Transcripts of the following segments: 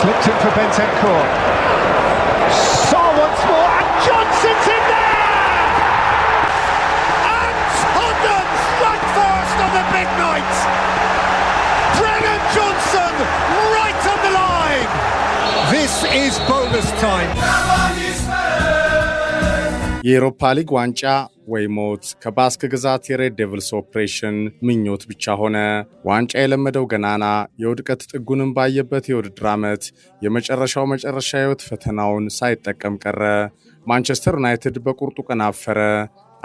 Slipped in for Bentancur. Saw once more, and Johnson's in there! And Tottenham strike first on the big night! Brennan Johnson right on the line! This is bonus time. የኤሮፓ ሊግ ዋንጫ ወይ ሞት ከባስክ ግዛት የሬድ ዴቪልስ ኦፕሬሽን ምኞት ብቻ ሆነ። ዋንጫ የለመደው ገናና የውድቀት ጥጉንም ባየበት የውድድር ዓመት የመጨረሻው መጨረሻ ሕይወት ፈተናውን ሳይጠቀም ቀረ። ማንቸስተር ዩናይትድ በቁርጡ ቀን አፈረ።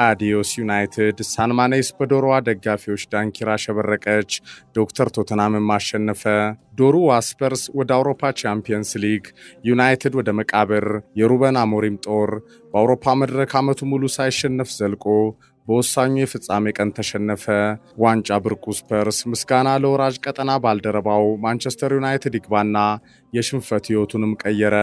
አዲዮስ ዩናይትድ፣ ሳንማኔስ በዶሮዋ ደጋፊዎች ዳንኪራ ሸበረቀች፣ ዶክተር ቶተናምን ማሸነፈ፣ ዶሩ ዋስፐርስ ወደ አውሮፓ ቻምፒየንስ ሊግ፣ ዩናይትድ ወደ መቃብር፣ የሩበን አሞሪም ጦር በአውሮፓ መድረክ ዓመቱ ሙሉ ሳይሸነፍ ዘልቆ በወሳኙ የፍጻሜ ቀን ተሸነፈ። ዋንጫ ብርቁ ስፐርስ ምስጋና ለወራጅ ቀጠና ባልደረባው ማንቸስተር ዩናይትድ ይግባና የሽንፈት ሕይወቱንም ቀየረ።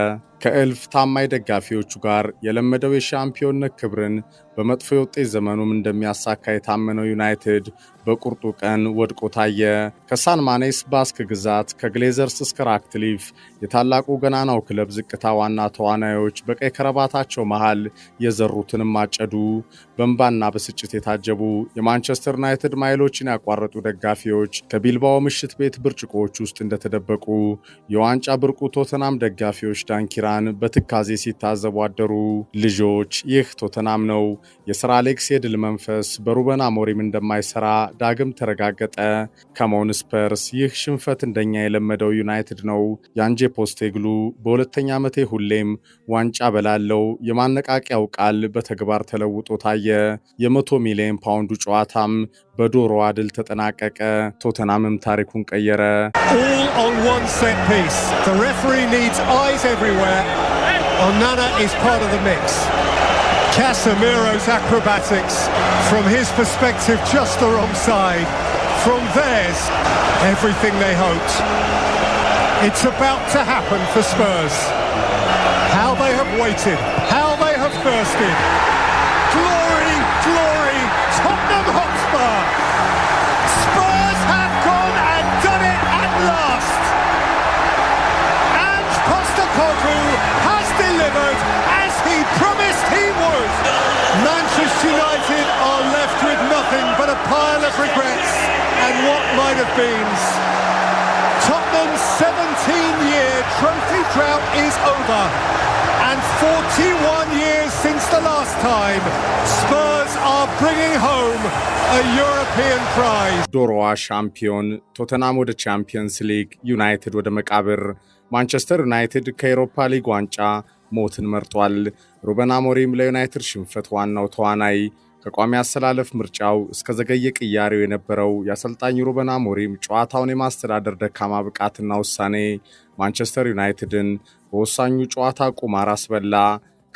ከእልፍ ታማኝ ደጋፊዎቹ ጋር የለመደው የሻምፒዮንነት ክብርን በመጥፎ የውጤት ዘመኑም እንደሚያሳካ የታመነው ዩናይትድ በቁርጡ ቀን ወድቆ ታየ። ከሳንማኔስ ባስክ ግዛት ከግሌዘርስ እስከ ራክትሊፍ የታላቁ ገናናው ክለብ ዝቅታ ዋና ተዋናዮች በቀይ ከረባታቸው መሃል የዘሩትንም አጨዱ። በእንባና በስጭት የታጀቡ የማንቸስተር ዩናይትድ ማይሎችን ያቋረጡ ደጋፊዎች ከቢልባኦ ምሽት ቤት ብርጭቆዎች ውስጥ እንደተደበቁ የዋንጫ የብርቁ ቶተናም ደጋፊዎች ዳንኪራን በትካዜ ሲታዘቡ አደሩ። ልጆች ይህ ቶተናም ነው። የሰር አሌክስ የድል መንፈስ በሩበን አሞሪም እንደማይሰራ ዳግም ተረጋገጠ። ከሞን ስፐርስ ይህ ሽንፈት እንደኛ የለመደው ዩናይትድ ነው። የአንጄ ፖስቴግሉ በሁለተኛ ዓመቴ ሁሌም ዋንጫ በላለው የማነቃቂያው ቃል በተግባር ተለውጦ ታየ። የመቶ ሚሊዮን ፓውንዱ ጨዋታም Onana is ተጠናቀቀ። ቶተናምም ታሪኩን ቀየረ። Casemiro's acrobatics from his perspective just the wrong side from theirs everything they hoped it's about to happen for Spurs how they have waited how they have thirsted pile of regrets and what might have beens. Tottenham's 17-year trophy drought is over and 41 years since the last time Spurs are bringing home a European prize. ዶሮዋ ሻምፒዮን ቶተናም ወደ ቻምፒየንስ ሊግ፣ ዩናይትድ ወደ መቃብር፣ ማንቸስተር ዩናይትድ ከኤሮፓ ሊግ ዋንጫ ሞትን መርጧል። ሩበን አሞሪም ለዩናይትድ ሽንፈት ዋናው ተዋናይ ከቋሚ አሰላለፍ ምርጫው እስከ ዘገየ ቅያሬው የነበረው የአሰልጣኝ ሩበን አሞሪም ጨዋታውን የማስተዳደር ደካማ ብቃትና ውሳኔ ማንቸስተር ዩናይትድን በወሳኙ ጨዋታ ቁማር አስበላ።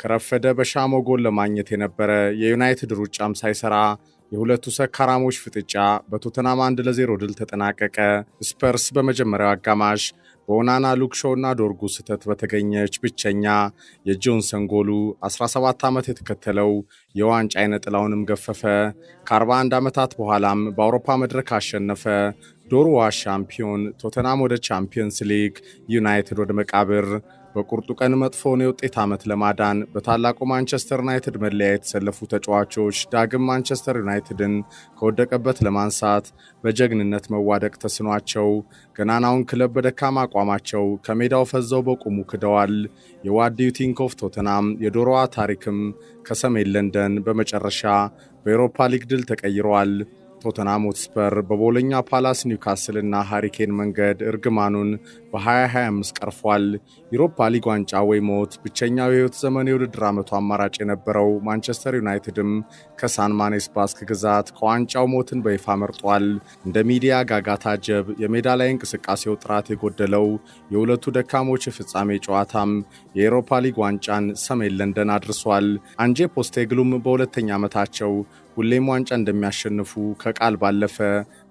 ከረፈደ በሻሞ ጎል ለማግኘት የነበረ የዩናይትድ ሩጫም ሳይሰራ የሁለቱ ሰካራሞች ፍጥጫ በቶተናም 1 ለ0 ድል ተጠናቀቀ። ስፐርስ በመጀመሪያው አጋማሽ በኦናና ሉክሾ እና ዶርጉ ስህተት በተገኘች ብቸኛ የጆንሰን ጎሉ 17 ዓመት የተከተለው የዋንጫ አይነ ጥላውንም ገፈፈ። ከ41 ዓመታት በኋላም በአውሮፓ መድረክ አሸነፈ። ዶርዋ ሻምፒዮን፣ ቶተናም ወደ ቻምፒየንስ ሊግ፣ ዩናይትድ ወደ መቃብር በቁርጡ ቀን መጥፎውን የውጤት ዓመት ለማዳን በታላቁ ማንቸስተር ዩናይትድ መለያ የተሰለፉ ተጫዋቾች ዳግም ማንቸስተር ዩናይትድን ከወደቀበት ለማንሳት በጀግንነት መዋደቅ ተስኗቸው ገናናውን ክለብ በደካማ አቋማቸው ከሜዳው ፈዘው በቁሙ ክደዋል። የዋዲው ቲንኮፍ ቶተናም የዶሮዋ ታሪክም ከሰሜን ለንደን በመጨረሻ በኤሮፓ ሊግ ድል ተቀይረዋል። ቶተናም ሆትስፐር በቦሎኛ ፓላስ፣ ና ሃሪኬን መንገድ እርግማኑን በ2025 ቀርፏል። ዩሮፓ ሊግ ዋንጫ ወይ ሞት! ብቸኛው የህይወት ዘመን የውድድር ዓመቱ አማራጭ የነበረው ማንቸስተር ዩናይትድም ከሳን ማኔስ ባስክ ግዛት ከዋንጫው ሞትን በይፋ መርጧል። እንደ ሚዲያ ጋጋታ ጀብ፣ የሜዳ ላይ እንቅስቃሴው ጥራት የጎደለው የሁለቱ ደካሞች የፍጻሜ ጨዋታም የአውሮፓ ሊግ ዋንጫን ሰሜን ለንደን አድርሷል። አንጄ ፖስቴግሉም በሁለተኛ ዓመታቸው ሁሌም ዋንጫ እንደሚያሸንፉ ከቃል ባለፈ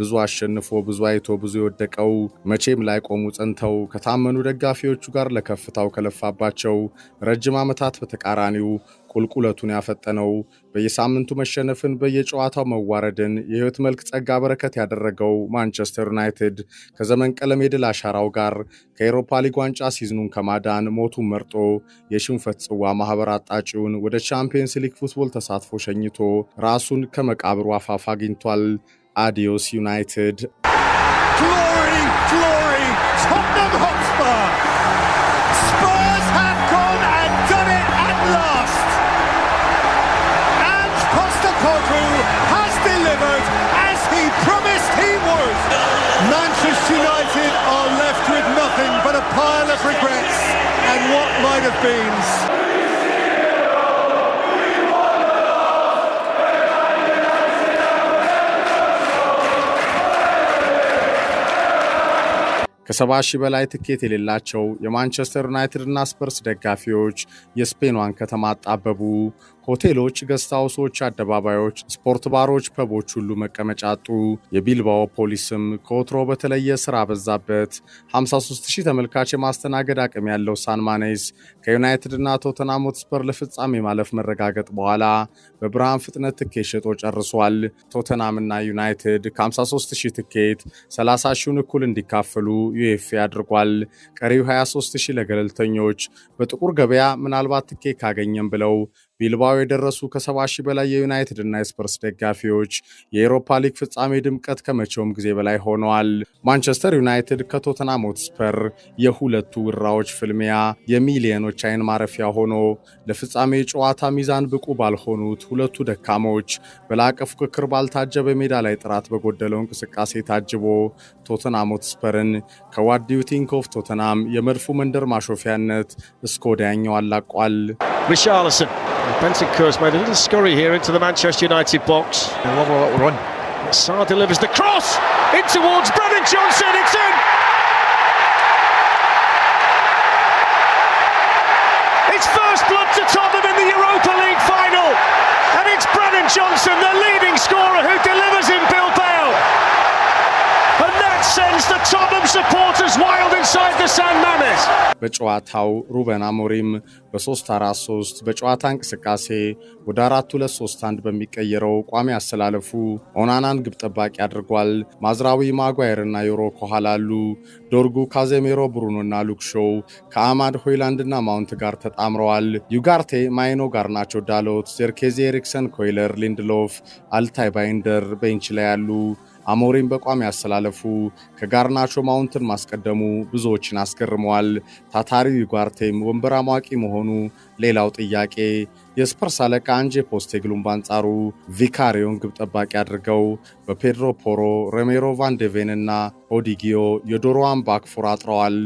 ብዙ አሸንፎ ብዙ አይቶ ብዙ የወደቀው መቼም ላይ ቆሙ ጸንተው ከታመኑ ደጋፊዎቹ ጋር ለከፍታው ከለፋባቸው ረጅም ዓመታት በተቃራኒው ቁልቁለቱን ያፈጠነው በየሳምንቱ መሸነፍን በየጨዋታው መዋረድን የህይወት መልክ ጸጋ በረከት ያደረገው ማንቸስተር ዩናይትድ ከዘመን ቀለም የድል አሻራው ጋር ከኤሮፓ ሊግ ዋንጫ ሲዝኑን ከማዳን ሞቱን መርጦ የሽንፈት ጽዋ ማህበር አጣጪውን ወደ ቻምፒየንስ ሊግ ፉትቦል ተሳትፎ ሸኝቶ ራሱን ከመቃብሩ አፋፍ አግኝቷል። Adios, United. Glory, glory, Tottenham Hotspur! Spurs have gone and done it at last! And Postacoglu has delivered as he promised he would! Manchester United are left with nothing but a pile of regrets and what might have been. ከሰባሺ ሺህ በላይ ትኬት የሌላቸው የማንቸስተር ዩናይትድ እና ስፐርስ ደጋፊዎች የስፔኗን ከተማ አጣበቡ። ሆቴሎች፣ ገስታውሶች፣ ሃውሶች፣ አደባባዮች፣ ስፖርት ባሮች፣ ፐቦች ሁሉ መቀመጫ አጡ። የቢልባኦ ፖሊስም ከወትሮ በተለየ ስራ በዛበት። 53000 ተመልካች የማስተናገድ አቅም ያለው ሳንማኔስ ከዩናይትድ እና ቶተናም ሆትስፐር ለፍጻሜ ማለፍ መረጋገጥ በኋላ በብርሃን ፍጥነት ትኬት ሸጦ ጨርሷል። ቶተንሃም እና ዩናይትድ ከ53000 ትኬት 30 ን እኩል እንዲካፈሉ ዩኤፌ አድርጓል። ቀሪው 23000 ለገለልተኞች በጥቁር ገበያ ምናልባት ትኬት ካገኘም ብለው ቢልባኦ የደረሱ ከሰባ ሺህ በላይ የዩናይትድ እና የስፐርስ ደጋፊዎች የኤሮፓ ሊግ ፍጻሜ ድምቀት ከመቼውም ጊዜ በላይ ሆነዋል። ማንቸስተር ዩናይትድ ከቶተናም ሆትስፐር የሁለቱ ውራዎች ፍልሚያ የሚሊዮኖች አይን ማረፊያ ሆኖ ለፍጻሜ ጨዋታ ሚዛን ብቁ ባልሆኑት ሁለቱ ደካሞች በላቀ ፉክክር ባልታጀበ ሜዳ ላይ ጥራት በጎደለው እንቅስቃሴ ታጅቦ ቶተናም ሆትስፐርን ከዋት ዱ ዩ ቲንክ ኦፍ ቶተናም የመድፉ መንደር ማሾፊያነት እስከ ወዲያኛው አላቋል። Richarlison. Benton Kurz made a little scurry here into the Manchester United box. I love a little run. Saar delivers the cross in towards Brennan Johnson. It's in. It's first blood to Tottenham in the Europa League final. And it's Brennan Johnson, the leading scorer, who delivers in Bilbao. And that sends the Tottenham supporters wild inside the sand. በጨዋታው ሩበን አሞሪም በ343 በጨዋታ እንቅስቃሴ ወደ 4231 በሚቀየረው ቋሚ አሰላለፉ ኦናናን ግብ ጠባቂ አድርጓል። ማዝራዊ ማጓየርና ዮሮ ከኋላ አሉ። ዶርጉ፣ ካዜሜሮ፣ ብሩኖና ሉክሾው ከአማድ ሆይላንድና ማውንት ጋር ተጣምረዋል። ዩጋርቴ፣ ማይኖ፣ ጋርናቾ፣ ዳሎት፣ ዜርኬዜ፣ ኤሪክሰን፣ ኮይለር፣ ሊንድሎፍ፣ አልታይ ባይንደር ቤንች ላይ አሉ። አሞሪም በቋሚ ያስተላለፉ ከጋርናቾ ማውንትን ማስቀደሙ ብዙዎችን አስገርመዋል። ታታሪ ጓርቴም ወንበር አሟቂ መሆኑ ሌላው ጥያቄ። የስፐርስ አለቃ አንጄ ፖስቴግሉም በአንጻሩ ቪካሪዮን ግብ ጠባቂ አድርገው በፔድሮ ፖሮ፣ ሮሜሮ ቫንዴቬን እና ኦዲጊዮ የዶሮዋን ባክፎር አጥረዋል።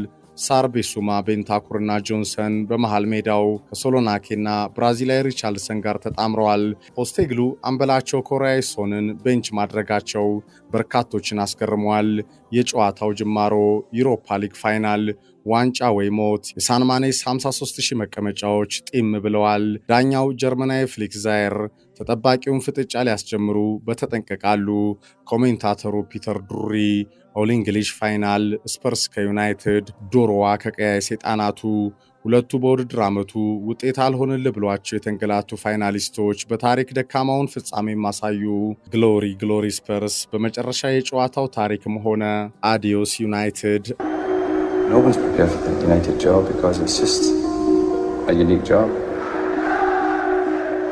ሳርቤሱማ ቤንታኩርና ጆንሰን በመሃል ሜዳው ከሶሎናኬና ብራዚላዊ ሪቻርልሰን ጋር ተጣምረዋል። ፖስቴግሉ አምበላቸው ኮሪያዊ ሶንን ቤንች ማድረጋቸው በርካቶችን አስገርመዋል። የጨዋታው ጅማሮ ዩሮፓ ሊግ ፋይናል ዋንጫ ወይ ሞት! የሳንማኔስ 53000 መቀመጫዎች ጢም ብለዋል። ዳኛው ጀርመናዊ ፍሊክ ዛየር ተጠባቂውን ፍጥጫ ሊያስጀምሩ በተጠንቀቃሉ። ኮሜንታተሩ ፒተር ዱሪ ኦል እንግሊሽ ፋይናል፣ ስፐርስ ከዩናይትድ፣ ዶሮዋ ከቀያይ ሰይጣናቱ ሁለቱ በውድድር ዓመቱ ውጤት አልሆንል ብሏቸው የተንገላቱ ፋይናሊስቶች በታሪክ ደካማውን ፍጻሜ ማሳዩ። ግሎሪ ግሎሪ ስፐርስ በመጨረሻ የጨዋታው ታሪክም ሆነ አዲዮስ ዩናይትድ። No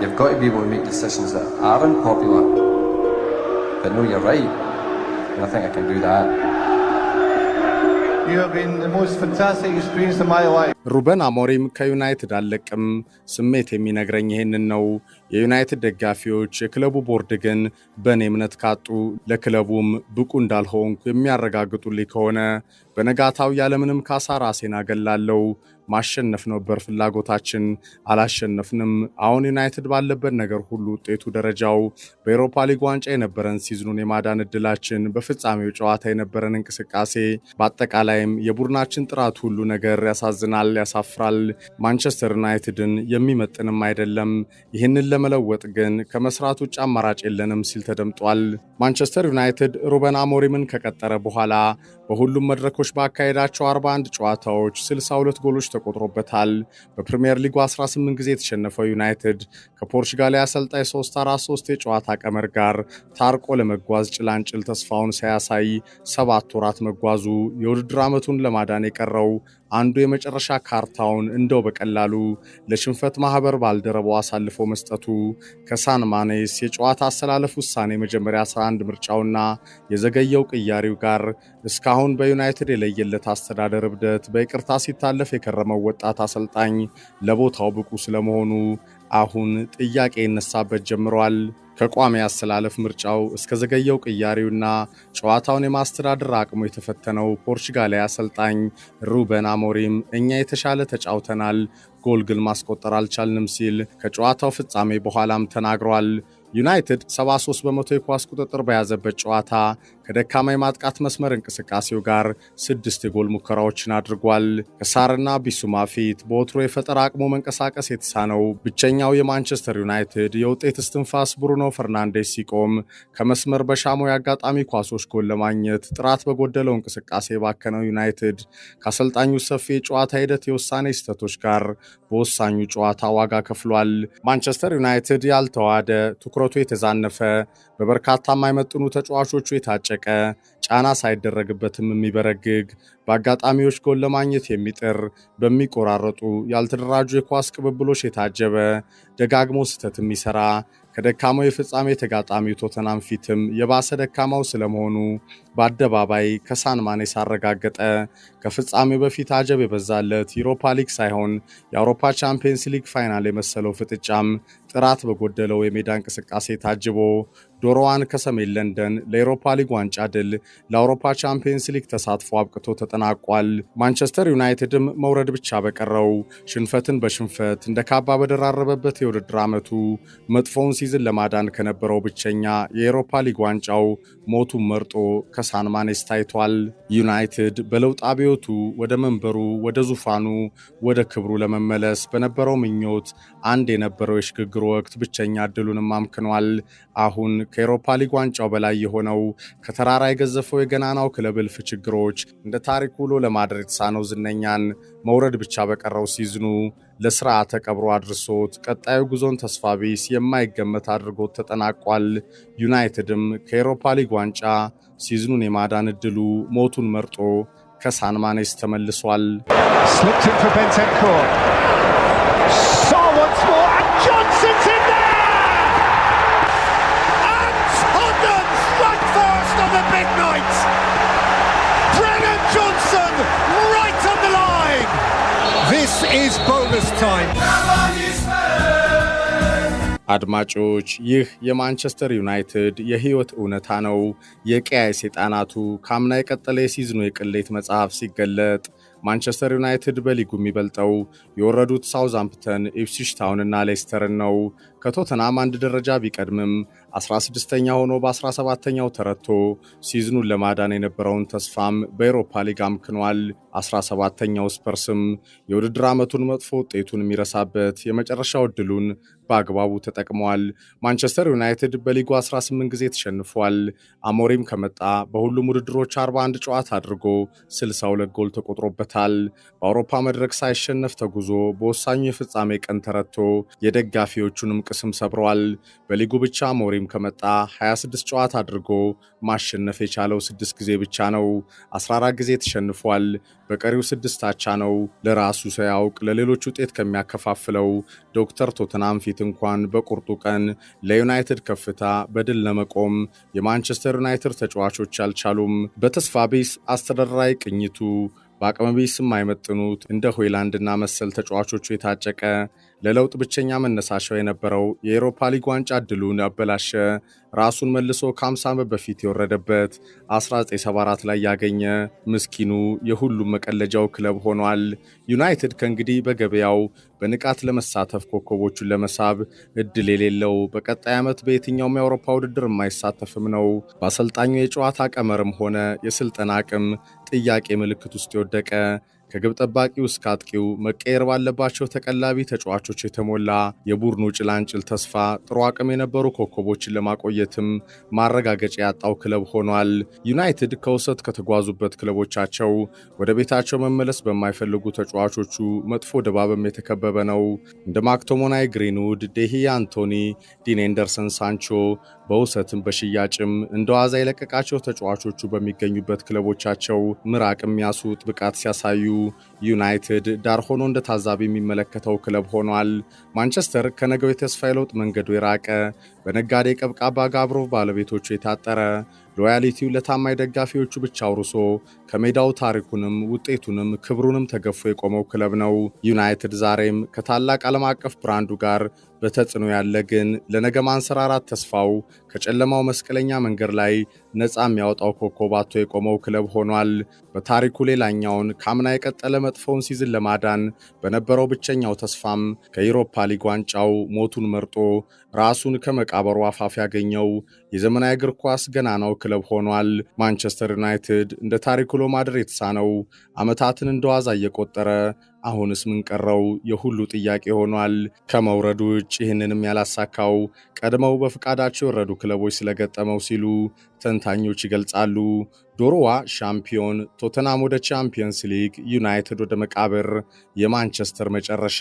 You've got to be able to make decisions that are unpopular, but know you're right. And I think I can do that. You have been the most fantastic experience of my life. ሩበን አሞሪም ከዩናይትድ አለቅም። ስሜት የሚነግረኝ ይህንን ነው። የዩናይትድ ደጋፊዎች፣ የክለቡ ቦርድ ግን በእኔ እምነት ካጡ ለክለቡም ብቁ እንዳልሆንኩ የሚያረጋግጡልኝ ከሆነ በነጋታው ያለምንም ካሳ ራሴን አገላለው። ማሸነፍ ነበር ፍላጎታችን፣ አላሸነፍንም። አሁን ዩናይትድ ባለበት ነገር ሁሉ ውጤቱ፣ ደረጃው፣ በኤሮፓ ሊግ ዋንጫ የነበረን ሲዝኑን የማዳን እድላችን፣ በፍጻሜው ጨዋታ የነበረን እንቅስቃሴ፣ በአጠቃላይም የቡድናችን ጥራት ሁሉ ነገር ያሳዝናል፣ ያሳፍራል። ማንቸስተር ዩናይትድን የሚመጥንም አይደለም። ይህንን ለመለወጥ ግን ከመስራት ውጭ አማራጭ የለንም ሲል ተደምጧል። ማንቸስተር ዩናይትድ ሩበን አሞሪምን ከቀጠረ በኋላ በሁሉም መድረኮች ባካሄዳቸው 41 ጨዋታዎች 62 ጎሎች ተቆጥሮበታል። በፕሪምየር ሊጉ 18 ጊዜ የተሸነፈው ዩናይትድ ከፖርቹጋል አሰልጣኝ 343 የጨዋታ ቀመር ጋር ታርቆ ለመጓዝ ጭላንጭል ተስፋውን ሳያሳይ ሰባት ወራት መጓዙ የውድድር ዓመቱን ለማዳን የቀረው አንዱ የመጨረሻ ካርታውን እንደው በቀላሉ ለሽንፈት ማህበር ባልደረባው አሳልፎ መስጠቱ ከሳን ማኔስ የጨዋታ አሰላለፍ ውሳኔ መጀመሪያ 11 ምርጫውና የዘገየው ቅያሪው ጋር እስካሁን በዩናይትድ የለየለት አስተዳደር እብደት በይቅርታ ሲታለፍ የከረመው ወጣት አሰልጣኝ ለቦታው ብቁ ስለመሆኑ አሁን ጥያቄ ይነሳበት ጀምሯል። ከቋሚ አሰላለፍ ምርጫው እስከ ዘገየው ቅያሬውና ጨዋታውን የማስተዳደር አቅሙ የተፈተነው ፖርቹጋላዊ አሰልጣኝ ሩበን አሞሪም እኛ የተሻለ ተጫውተናል፣ ጎል ግን ማስቆጠር አልቻልንም ሲል ከጨዋታው ፍጻሜ በኋላም ተናግሯል። ዩናይትድ 73 በመቶ የኳስ ቁጥጥር በያዘበት ጨዋታ ከደካማ የማጥቃት መስመር እንቅስቃሴው ጋር ስድስት የጎል ሙከራዎችን አድርጓል። ከሳርና ቢሱማ ፊት በወትሮ የፈጠራ አቅሙ መንቀሳቀስ የተሳነው ብቸኛው የማንቸስተር ዩናይትድ የውጤት እስትንፋስ ብሩኖ ፈርናንዴስ ሲቆም ከመስመር በሻሞ የአጋጣሚ ኳሶች ጎል ለማግኘት ጥራት በጎደለው እንቅስቃሴ የባከነው ዩናይትድ ከአሰልጣኙ ሰፊ የጨዋታ ሂደት የውሳኔ ስህተቶች ጋር በወሳኙ ጨዋታ ዋጋ ከፍሏል። ማንቸስተር ዩናይትድ ያልተዋሃደ፣ ትኩረቱ የተዛነፈ በበርካታ የማይመጥኑ ተጫዋቾቹ የታጨቀ ጫና ሳይደረግበትም የሚበረግግ በአጋጣሚዎች ጎል ለማግኘት የሚጥር በሚቆራረጡ ያልተደራጁ የኳስ ቅብብሎች የታጀበ ደጋግሞ ስህተት የሚሰራ ከደካማው የፍጻሜ ተጋጣሚው ቶተናም ፊትም የባሰ ደካማው ስለመሆኑ በአደባባይ ከሳን ማኔስ አረጋገጠ። ከፍጻሜው በፊት አጀብ የበዛለት ዩሮፓ ሊግ ሳይሆን የአውሮፓ ቻምፒየንስ ሊግ ፋይናል የመሰለው ፍጥጫም ጥራት በጎደለው የሜዳ እንቅስቃሴ ታጅቦ ዶሮዋን ከሰሜን ለንደን ለኤሮፓ ሊግ ዋንጫ ድል ለአውሮፓ ቻምፒየንስ ሊግ ተሳትፎ አብቅቶ ተጠናቋል። ማንቸስተር ዩናይትድም መውረድ ብቻ በቀረው ሽንፈትን በሽንፈት እንደ ካባ በደራረበበት የውድድር ዓመቱ መጥፎውን ሲዝን ለማዳን ከነበረው ብቸኛ የኤሮፓ ሊግ ዋንጫው ሞቱን መርጦ ከሳን ማኔስ ታይቷል። ዩናይትድ በለውጥ አብዮቱ ወደ መንበሩ፣ ወደ ዙፋኑ፣ ወደ ክብሩ ለመመለስ በነበረው ምኞት አንድ የነበረው የሽግግር ወቅት ብቸኛ እድሉንም አምክኗል። አሁን ከኤሮፓ ሊግ ዋንጫው በላይ የሆነው ከተራራ የገዘፈው የገናናው ክለብ እልፍ ችግሮች እንደ ታሪክ ውሎ ለማድረግ የተሳነው ዝነኛን መውረድ ብቻ በቀረው ሲዝኑ ለስራ ተቀብሮ አድርሶት ቀጣዩ ጉዞን ተስፋ ቢስ የማይገመት አድርጎት ተጠናቋል። ዩናይትድም ከኤሮፓ ሊግ ዋንጫ ሲዝኑን የማዳን እድሉ ሞቱን መርጦ ከሳንማኔስ ተመልሷል። This is bonus time. አድማጮች ይህ የማንቸስተር ዩናይትድ የህይወት እውነታ ነው። የቀያይ ሰይጣናቱ ካምና የቀጠለ የሲዝኑ የቅሌት መጽሐፍ ሲገለጥ ማንቸስተር ዩናይትድ በሊጉ የሚበልጠው የወረዱት ሳውዝሃምፕተን፣ ኢፕስዊች ታውንና ሌስተርን ነው። ከቶተናም አንድ ደረጃ ቢቀድምም 16ኛ ሆኖ በ17ኛው ተረቶ ሲዝኑን ለማዳን የነበረውን ተስፋም በኤሮፓ ሊግ አምክኗል። 17ኛው ስፐርስም የውድድር ዓመቱን መጥፎ ውጤቱን የሚረሳበት የመጨረሻው ዕድሉን በአግባቡ ተጠቅሟል። ማንቸስተር ዩናይትድ በሊጉ 18 ጊዜ ተሸንፏል። አሞሪም ከመጣ በሁሉም ውድድሮች 41 ጨዋታ አድርጎ 62 ጎል ተቆጥሮበታል። በአውሮፓ መድረክ ሳይሸነፍ ተጉዞ በወሳኙ የፍጻሜ ቀን ተረቶ የደጋፊዎቹንም ስም ሰብረዋል። በሊጉ ብቻ ሞሪም ከመጣ 26 ጨዋታ አድርጎ ማሸነፍ የቻለው ስድስት ጊዜ ብቻ ነው። 14 ጊዜ ተሸንፏል። በቀሪው ስድስት አቻ ነው። ለራሱ ሳያውቅ ለሌሎች ውጤት ከሚያከፋፍለው ዶክተር ቶተናም ፊት እንኳን በቁርጡ ቀን ለዩናይትድ ከፍታ በድል ለመቆም የማንቸስተር ዩናይትድ ተጫዋቾች አልቻሉም። በተስፋ ቢስ አስተዳደራዊ ቅኝቱ በአቅመ ቢስም አይመጥኑት እንደ ሆይላንድና መሰል ተጫዋቾቹ የታጨቀ ለለውጥ ብቸኛ መነሳሻው የነበረው የኤሮፓ ሊግ ዋንጫ ድሉን ያበላሸ ራሱን መልሶ ከ50 ዓመት በፊት የወረደበት 1974 ላይ ያገኘ ምስኪኑ የሁሉም መቀለጃው ክለብ ሆኗል። ዩናይትድ ከእንግዲህ በገበያው በንቃት ለመሳተፍ ኮከቦቹን ለመሳብ እድል የሌለው በቀጣይ ዓመት በየትኛውም የአውሮፓ ውድድር የማይሳተፍም ነው። በአሰልጣኙ የጨዋታ ቀመርም ሆነ የስልጠና አቅም ጥያቄ ምልክት ውስጥ የወደቀ ከግብ ጠባቂው እስከ አጥቂው መቀየር ባለባቸው ተቀላቢ ተጫዋቾች የተሞላ የቡድኑ ጭላንጭል ተስፋ ጥሩ አቅም የነበሩ ኮከቦችን ለማቆየትም ማረጋገጫ ያጣው ክለብ ሆኗል። ዩናይትድ ከውሰት ከተጓዙበት ክለቦቻቸው ወደ ቤታቸው መመለስ በማይፈልጉ ተጫዋቾቹ መጥፎ ድባብም የተከበበ ነው። እንደ ማክቶሞናይ፣ ግሪንውድ፣ ዴሂ አንቶኒ፣ ዲን ኤንደርሰን፣ ሳንቾ በውሰትም በሽያጭም እንደ ዋዛ የለቀቃቸው ተጫዋቾቹ በሚገኙበት ክለቦቻቸው ምራቅ የሚያሱት ብቃት ሲያሳዩ ዩናይትድ ዳር ሆኖ እንደ ታዛቢ የሚመለከተው ክለብ ሆኗል። ማንቸስተር ከነገው የተስፋ የለውጥ መንገዱ የራቀ በነጋዴ ቀብቃባ ጋብሮቭ ባለቤቶቹ የታጠረ ሎያሊቲው ለታማኝ ደጋፊዎቹ ብቻ አውርሶ ከሜዳው ታሪኩንም ውጤቱንም ክብሩንም ተገፎ የቆመው ክለብ ነው። ዩናይትድ ዛሬም ከታላቅ ዓለም አቀፍ ብራንዱ ጋር በተጽዕኖ ያለ ግን ለነገ ማንሰራራት ተስፋው ከጨለማው መስቀለኛ መንገድ ላይ ነፃ የሚያወጣው ኮከብ አጥቶ የቆመው ክለብ ሆኗል። በታሪኩ ሌላኛውን ከአምና የቀጠለ መጥፎውን ሲዝን ለማዳን በነበረው ብቸኛው ተስፋም ከዩሮፓ ሊግ ዋንጫው ሞቱን መርጦ ራሱን ከመቃበሩ አፋፍ ያገኘው የዘመናዊ እግር ኳስ ገናናው ክለብ ሆኗል። ማንቸስተር ዩናይትድ እንደ ታሪኩ ሎማድር የተሳነው ዓመታትን እንደ ዋዛ እየቆጠረ አሁንስ ምን ቀረው የሁሉ ጥያቄ ሆኗል። ከመውረዱ ውጭ ይህንንም ያላሳካው ቀድመው በፍቃዳቸው የወረዱ ክለቦች ስለገጠመው ሲሉ ተንታኞች ይገልጻሉ። ዶሮዋ ሻምፒዮን፣ ቶተናም ወደ ቻምፒየንስ ሊግ፣ ዩናይትድ ወደ መቃብር፣ የማንቸስተር መጨረሻ።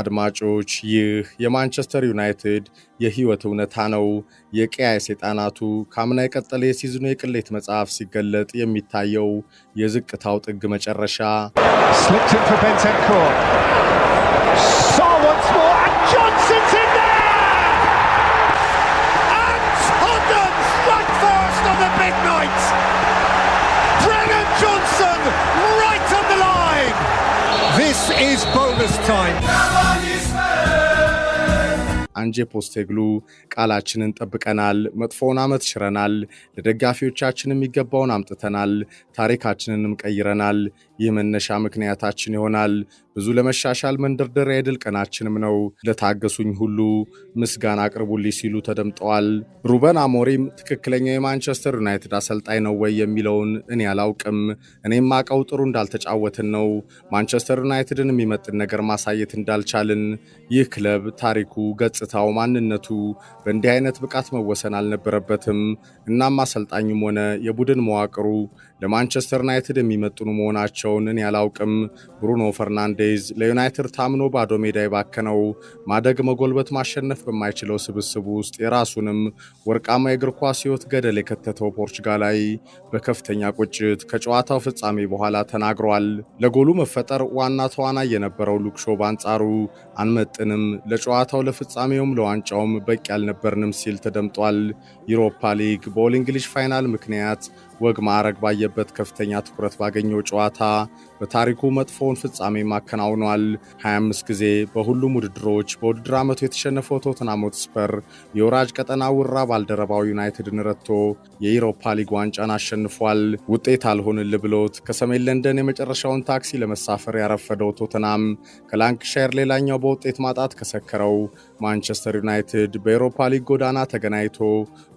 አድማጮች፣ ይህ የማንቸስተር ዩናይትድ የህይወት እውነታ ነው። የቀያይ ሰይጣናቱ ካምና የቀጠለ የሲዝኑ የቅሌት መጽሐፍ ሲገለጥ የሚታየው የዝቅታው ጥግ መጨረሻ time. አንጄ ፖስቴግሉ ቃላችንን ጠብቀናል፣ መጥፎውን ዓመት ሽረናል፣ ለደጋፊዎቻችን የሚገባውን አምጥተናል፣ ታሪካችንንም ቀይረናል። ይህ መነሻ ምክንያታችን ይሆናል። ብዙ ለመሻሻል መንደርደሪያ የድል ቀናችንም ነው። ለታገሱኝ ሁሉ ምስጋና አቅርቡልኝ ሲሉ ተደምጠዋል። ሩበን አሞሪም ትክክለኛው የማንቸስተር ዩናይትድ አሰልጣኝ ነው ወይ የሚለውን እኔ አላውቅም። እኔም አቀው ጥሩ እንዳልተጫወትን ነው ማንቸስተር ዩናይትድን የሚመጥን ነገር ማሳየት እንዳልቻልን ይህ ክለብ ታሪኩ ገጽታ ገጽታው፣ ማንነቱ በእንዲህ አይነት ብቃት መወሰን አልነበረበትም። እናም አሰልጣኝም ሆነ የቡድን መዋቅሩ ለማንቸስተር ዩናይትድ የሚመጥኑ መሆናቸውን እኔ አላውቅም። ብሩኖ ፈርናንዴዝ ለዩናይትድ ታምኖ ባዶ ሜዳ የባከነው ማደግ፣ መጎልበት፣ ማሸነፍ በማይችለው ስብስብ ውስጥ የራሱንም ወርቃማ የእግር ኳስ ሕይወት ገደል የከተተው ፖርቹጋላዊ በከፍተኛ ቁጭት ከጨዋታው ፍጻሜ በኋላ ተናግሯል። ለጎሉ መፈጠር ዋና ተዋናይ የነበረው ሉክሾ በአንጻሩ አንመጥንም፣ ለጨዋታው ለፍጻሜውም ለዋንጫውም በቂ አልነበርንም ሲል ተደምጧል። ዩሮፓ ሊግ በኦል እንግሊሽ ፋይናል ምክንያት ወግ ማዕረግ ባየበት ከፍተኛ ትኩረት ባገኘው ጨዋታ በታሪኩ መጥፎውን ፍጻሜ ማከናውኗል። 25 ጊዜ በሁሉም ውድድሮች በውድድር ዓመቱ የተሸነፈው ቶተንሃም ሆትስፐር የወራጅ ቀጠና ውራ ባልደረባው ዩናይትድን ረትቶ የኢሮፓ ሊግ ዋንጫን አሸንፏል። ውጤት አልሆንል ብሎት ከሰሜን ለንደን የመጨረሻውን ታክሲ ለመሳፈር ያረፈደው ቶተናም ከላንክሻየር ሌላኛው በውጤት ማጣት ከሰከረው ማንቸስተር ዩናይትድ በኤሮፓ ሊግ ጎዳና ተገናኝቶ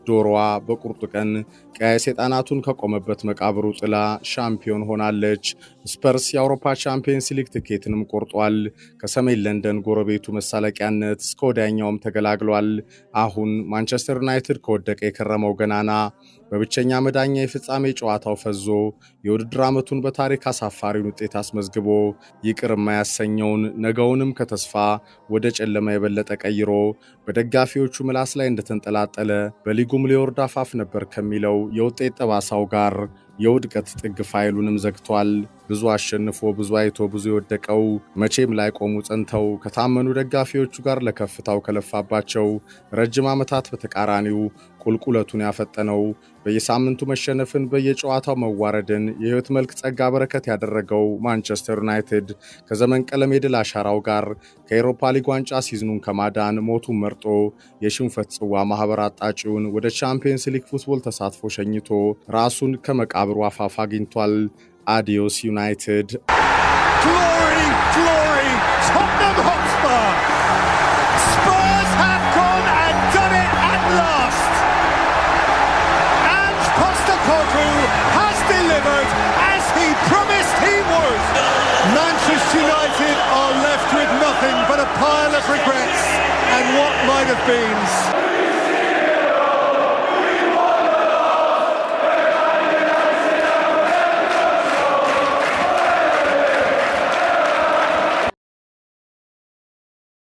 ዶሮዋ በቁርጡ ቀን ቀያይ ሰይጣናቱን ከቆመበት መቃብሩ ጥላ ሻምፒዮን ሆናለች። ስፐርስ የአውሮፓ ቻምፒየንስ ሊግ ትኬትንም ቆርጧል። ከሰሜን ለንደን ጎረቤቱ መሳለቂያነት እስከ ወዲያኛውም ተገላግሏል። አሁን ማንቸስተር ዩናይትድ ከወደቀ የከረመው ገናና በብቸኛ መዳኛ የፍጻሜ ጨዋታው ፈዞ የውድድር ዓመቱን በታሪክ አሳፋሪውን ውጤት አስመዝግቦ ይቅር የማያሰኘውን ነገውንም ከተስፋ ወደ ጨለማ የበለጠ ቀይሮ በደጋፊዎቹ ምላስ ላይ እንደተንጠላጠለ በሊጉም ሊወርድ አፋፍ ነበር ከሚለው የውጤት ጠባሳው ጋር የውድቀት ጥግ ፋይሉንም ዘግቷል። ብዙ አሸንፎ ብዙ አይቶ ብዙ የወደቀው መቼም ላይ ቆሙ ጸንተው ከታመኑ ደጋፊዎቹ ጋር ለከፍታው ከለፋባቸው ረጅም ዓመታት በተቃራኒው ቁልቁለቱን ያፈጠነው በየሳምንቱ መሸነፍን በየጨዋታው መዋረድን የህይወት መልክ ጸጋ በረከት ያደረገው ማንቸስተር ዩናይትድ ከዘመን ቀለም የድል አሻራው ጋር ከኤሮፓ ሊግ ዋንጫ ሲዝኑን ከማዳን ሞቱን መርጦ የሽንፈት ጽዋ ማህበር አጣጪውን ወደ ቻምፒየንስ ሊግ ፉትቦል ተሳትፎ ሸኝቶ ራሱን ከመቃብሩ አፋፍ አግኝቷል። አዲዮስ ዩናይትድ beans.